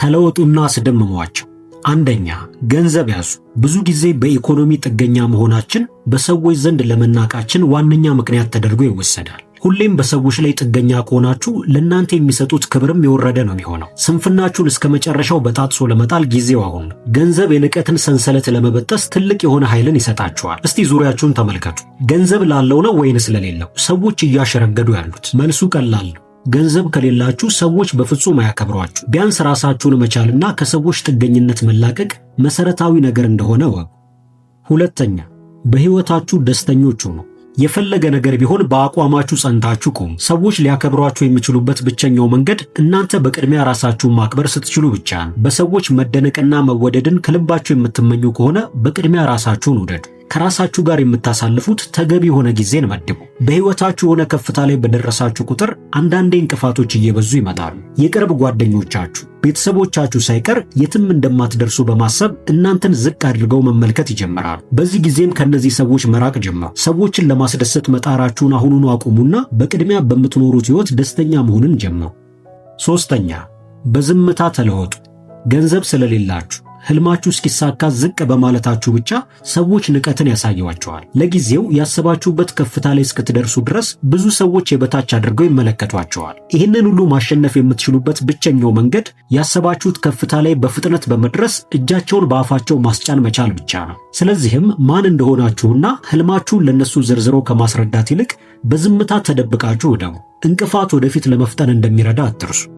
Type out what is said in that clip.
ተለወጡና አስደምሟቸው። አንደኛ ገንዘብ ያዙ። ብዙ ጊዜ በኢኮኖሚ ጥገኛ መሆናችን በሰዎች ዘንድ ለመናቃችን ዋነኛ ምክንያት ተደርጎ ይወሰዳል። ሁሌም በሰዎች ላይ ጥገኛ ከሆናችሁ ለእናንተ የሚሰጡት ክብርም የወረደ ነው የሚሆነው። ስንፍናችሁን እስከ መጨረሻው በጣጥሶ ለመጣል ጊዜው አሁን። ገንዘብ የንቀትን ሰንሰለት ለመበጠስ ትልቅ የሆነ ኃይልን ይሰጣችኋል። እስቲ ዙሪያችሁን ተመልከቱ። ገንዘብ ላለው ነው ወይንስ ለሌለው? ሰዎች እያሸረገዱ ያሉት መልሱ ቀላል ነው። ገንዘብ ከሌላችሁ ሰዎች በፍጹም አያከብሯችሁ። ቢያንስ ራሳችሁን መቻልና ከሰዎች ጥገኝነት መላቀቅ መሰረታዊ ነገር እንደሆነ ወቁ። ሁለተኛ በሕይወታችሁ ደስተኞች ሁኑ። የፈለገ ነገር ቢሆን በአቋማችሁ ጸንታችሁ ቁሙ። ሰዎች ሊያከብሯችሁ የሚችሉበት ብቸኛው መንገድ እናንተ በቅድሚያ ራሳችሁን ማክበር ስትችሉ ብቻ ነው። በሰዎች መደነቅና መወደድን ከልባችሁ የምትመኙ ከሆነ በቅድሚያ ራሳችሁን ውደዱ። ከራሳችሁ ጋር የምታሳልፉት ተገቢ የሆነ ጊዜን መድቡ። በህይወታችሁ የሆነ ከፍታ ላይ በደረሳችሁ ቁጥር አንዳንዴ እንቅፋቶች እየበዙ ይመጣሉ። የቅርብ ጓደኞቻችሁ፣ ቤተሰቦቻችሁ ሳይቀር የትም እንደማትደርሱ በማሰብ እናንተን ዝቅ አድርገው መመልከት ይጀምራሉ። በዚህ ጊዜም ከእነዚህ ሰዎች መራቅ ጀመሩ። ሰዎችን ለማስደሰት መጣራችሁን አሁኑኑ አቁሙና በቅድሚያ በምትኖሩት ህይወት ደስተኛ መሆንን ጀምሩ። ሶስተኛ በዝምታ ተለወጡ። ገንዘብ ስለሌላችሁ ህልማችሁ እስኪሳካ ዝቅ በማለታችሁ ብቻ ሰዎች ንቀትን ያሳየዋቸዋል። ለጊዜው ያሰባችሁበት ከፍታ ላይ እስክትደርሱ ድረስ ብዙ ሰዎች የበታች አድርገው ይመለከቷቸዋል። ይህንን ሁሉ ማሸነፍ የምትችሉበት ብቸኛው መንገድ ያሰባችሁት ከፍታ ላይ በፍጥነት በመድረስ እጃቸውን በአፋቸው ማስጫን መቻል ብቻ ነው። ስለዚህም ማን እንደሆናችሁና ህልማችሁን ለነሱ ዝርዝሮ ከማስረዳት ይልቅ በዝምታ ተደብቃችሁ ደው እንቅፋት ወደፊት ለመፍጠን እንደሚረዳ አትርሱ።